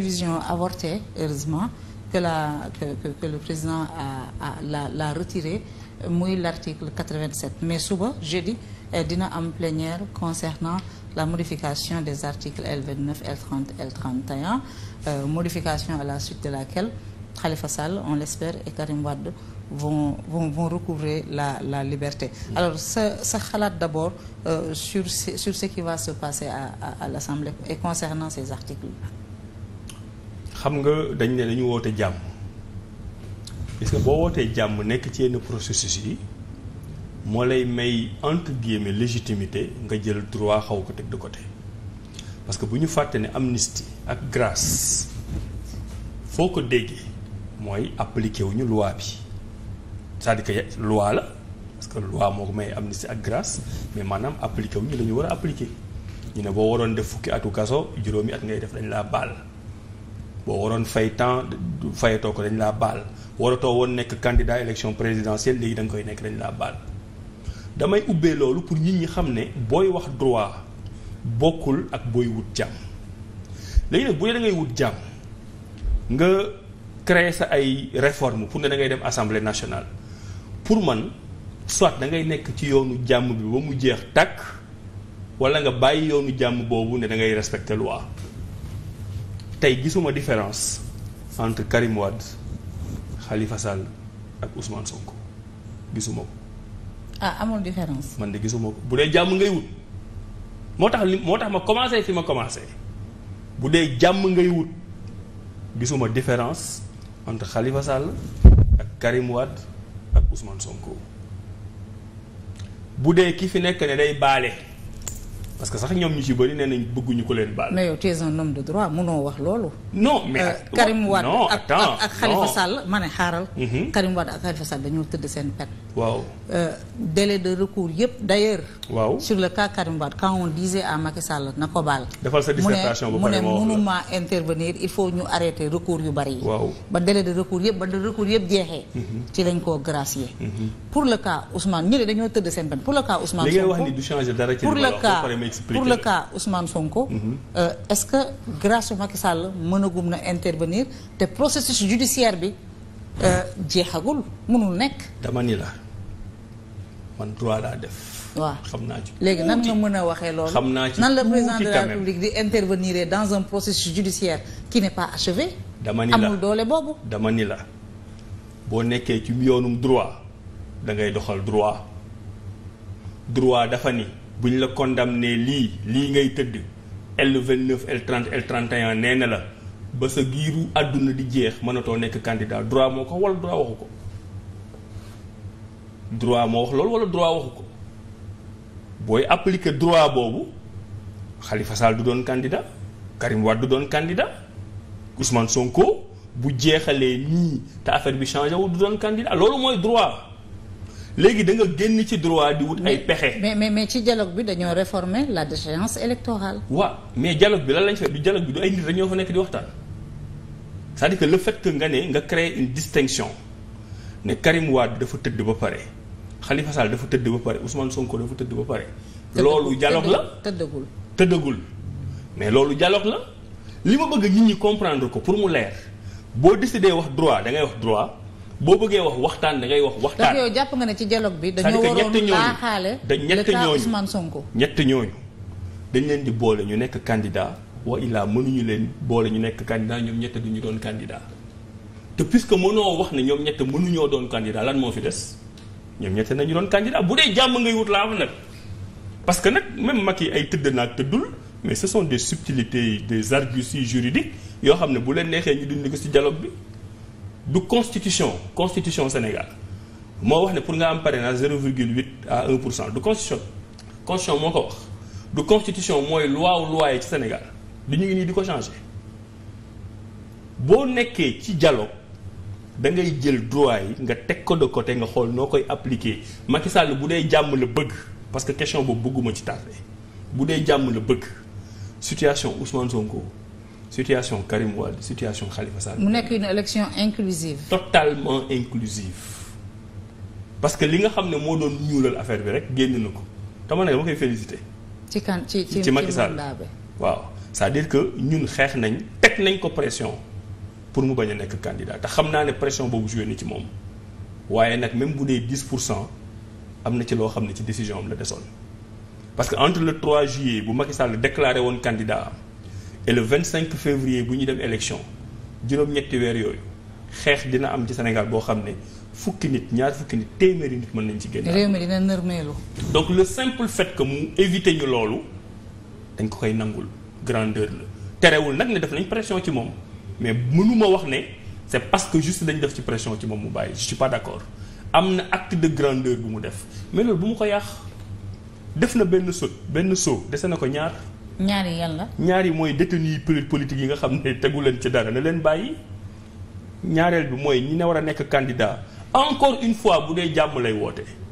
prévision avortée heureusement que la que que, que le président a a la la retiré muy l'article 87 mais suba jeudi euh, dina am plénière concernant la modification des articles L29 L30 L31 euh, modification à la suite de laquelle Khalifa Sall on l'espère et Karim Wade vont vont la la liberté. alors sa sa xalaat d'abord euh, sur sur ce qui va se passer à à, à l'Assemblée xam nga dañ ne dañu woote jàmm parce que boo wootee jàmm nekk ci yenn processus yi moo lay may entre guillemets légitimité nga jël droit xaw ko teg de côté parce que bu ñu fàtte ne amnistie ak grâce foo ko déggee mooy appliqué wu ñu loi bi cest à que loi la parce que loi moo ko may amnistie ak grâce mais maanaam appliqué wu ñu la ñu war a appliqué ñu ne boo waroon def fukki atu kaso juróomi at ngay def dañ laa baal. boo waroon fay temps fayatoo ko dañ laa baal waratoo woon nekk candidat élection présidentielle léegi danga nga koy nekk dañ laa baal damay ubbee loolu pour nit ñi xam ne booy wax droit bokkul ak booy wut jàmm léegi nag bu dee da ngay wut jàmm nga créer sa ay réforme pour ne da ngay dem assemblée nationale pour man soit da ngay nekk ci yoonu jàmm bi ba mu jeex takk walla nga bàyyi yoonu jàmm boobu ne dangay ngay respecter tey gisuma différence entre Karim Wade Khalifa Sall ak Ousmane Sonko gisuma ko. ah amul différence. man de gisuma ko bu dee jàmm ngay wut moo tax li moo tax ma commencé fi ma commencé bu dee jàmm ngay wut gisuma différence entre Khalifa Sall ak Karim ak Ousmane Sonko bu dee ki fi nekk ne day baale. parce que sax ñoom ñu ci bëri nee nañ bëgguñu ko leen baal. mais yow tu es un de recours yëpp d' ailleurs. sur le cas Karim Wade quand on disait à Macky Sall na ko baal. defal sa dissertation ba pare mu ne mu ne mënuma intervenir il faut ñu arrêter recours yi. ba délai de recours yëpp ba de recours yëpp jeexee. Mhm. ci lañ koo gracier. Mhm. pour le cas Ousmane ñu ne dañoo tëdd seen pet pour le cas pour le cas Ousmane Sonko. Mhm. Euh, est-ce que grâce Macky Sall mënagum na intervenir te processus judiciaire bi euh, jeexagul mënul nekk. dama ni la man droit laa def. waaw xam naa ci léegi nan nga mën a waxee loolu. xam naa ci nan la président de la République di intervenir dans un processus judiciaire ki n'est pas achevé. dama ni la amul doole boobu. dama ni la boo nekkee ci yoonum droit da ngay doxal droit droit dafa ni. bu ñu la condamné lii lii ngay tëdd L29 l L31 nee na la ba sa giiru àdduna di jeex mënatoo nekk candidat droit moo ko wala droit waxu ko droit moo wax loolu wala droit waxu ko booy appliquer droit boobu Khalifa Sall du doon candidat Karim Wade du doon candidat Ousmane Sonko bu jeexalee nii te affaire bi changé wu du doon candidat loolu mooy droit léegi da nga génn ci droit di wut ay pexe. mais mais mais ci dialogue bi dañoo réformer la déchéance électorale. wa mais dialogue bi lan lañ fa du dialogue bi du ay nit dañoo fa nekk di waxtaan c'est-à-dire que le fait nga ne nga créer une distinction ne Karim Wade dafa tëdd ba pare Khalifa Sall dafa tëdd ba pare Ousmane Sonko dafa tëdd ba pare. loolu dialogue la tëddagul tëddagul mais loolu dialogue la li ma bëgg nit ñi comprendre ko pour mu leer boo décidé wax droit da ngay wax droit. boo bëggee wax waxtaan da ngay wax waxtaan. donc yow jàpp nga ne ci dialogue bi. dañoo waroon laaxaale le cas Ousmane Sonko. ñett ñooñu dañ leen di boole ñu nekk candidat wa illaa mënuñu leen boole ñu nekk kandidaa ñoom ñett du ñu doon candidat te puisque mënoo wax ne ñoom ñett mënuñoo doon candidat lan moo fi des ñoom ñett nañu doon candidat bu dee jàmm ngay wut laa am nag. parce que nag même mag yi ay tëdd naag tëddul mais ce sont des subtilités des arguties yoo xam ne bu leen neexee ñu dindi ko ci dialogue bi. du constitution constitution Sénégal moo wax ne pour nga am parrainage zéro virgule huit à un pour cent du constitution constitution moo ko wax du constitution mooy loi wu loi yi ci Sénégal du ñu ngi nii di ko changé boo nekkee ci dialogue da ngay jël droit yi nga teg ko de côté nga xool noo koy appliqué Macky bu dee jàmm la bëgg parce que question boobu bëgguma ci tardé bu dee jàmm la bëgg situation Ousmane Sonko. situation Karim Wade situation Khalifa Sall. mu nekk une élection inclusive. totalement inclusive parce que li nga xam ne moo doon ñuulal affaire bi rek génn na ko dama ne dama koy félicité. ci kan ci ci ci Macky Sall waaw c'est-à-dire que ñun xeex nañ teg nañ ko pression pour mu bañ a nekk candidat te xam naa ne pression boobu joué na ci moom waaye nag même bu dee 10 pour cent am na ci loo xam ne ci décision am la desoon parce que entre le trois juillet bu Macky Sall déclaré woon candidat am. et le 25 février bu ñuy dem élection juróom-ñetti weer yooyu xeex dina am ci Sénégal boo xam ne fukki nit ñaar fukki nit téeméeri nit mën nañ ci génn. réew mi dina nërmeelu. donc le simple fait que mu éviter ñu loolu dañ ko koy nangul grandeur la terewul nag ne def nañ pression ci moom mais mënuma wax ne c'est parce que juste dañ def ci pression ci moom mu bàyyi je suis pas d'accord am na acte de grandeur bu mu def mais bu mu ko yàq def na benn sot benn saut dese ñaari yàlla. ñaari mooy détenus yi politique yi nga xam ne tegu leen ci dara na leen bàyyi ñaareel bi mooy ñi ne war a nekk candidat encore une fois bu dee jàmm lay wootee